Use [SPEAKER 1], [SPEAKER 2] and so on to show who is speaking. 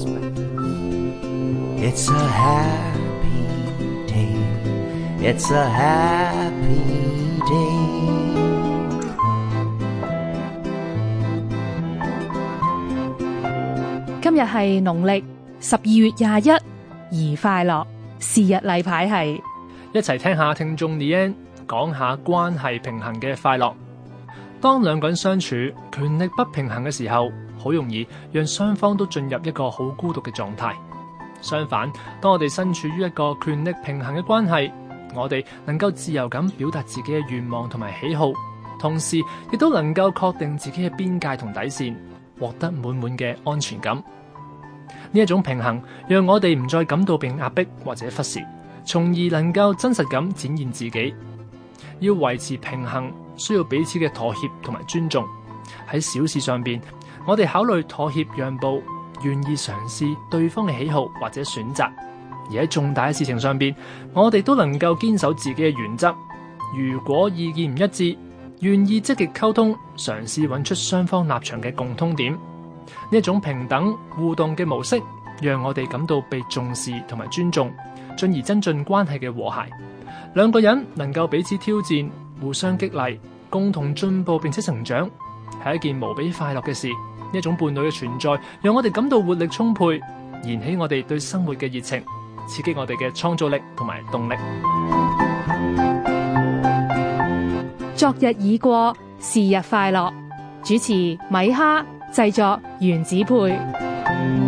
[SPEAKER 1] 今日係農曆十二月廿一，而快樂是日例牌係
[SPEAKER 2] 一齊聽下聽眾 Leanne 講下關係平衡嘅快樂。當兩個人相處權力不平衡嘅時候，好容易讓雙方都進入一個好孤獨嘅狀態。相反，當我哋身處於一個權力平衡嘅關係，我哋能夠自由咁表達自己嘅願望同埋喜好，同時亦都能夠確定自己嘅邊界同底線，獲得滿滿嘅安全感。呢一種平衡，讓我哋唔再感到被壓迫或者忽視，從而能夠真實咁展現自己。要維持平衡。需要彼此嘅妥協同埋尊重，喺小事上邊，我哋考慮妥協讓步，願意嘗試對方嘅喜好或者選擇；而喺重大嘅事情上邊，我哋都能夠堅守自己嘅原則。如果意見唔一致，願意積極溝通，嘗試揾出雙方立場嘅共通點。呢種平等互動嘅模式，讓我哋感到被重視同埋尊重，進而增進關係嘅和諧。兩個人能夠彼此挑戰，互相激勵，共同進步並且成長，係一件無比快樂嘅事。呢種伴侶嘅存在，讓我哋感到活力充沛，燃起我哋對生活嘅熱情，刺激我哋嘅創造力同埋動力。
[SPEAKER 1] 昨日已過，是日快樂。主持米哈，製作原子配。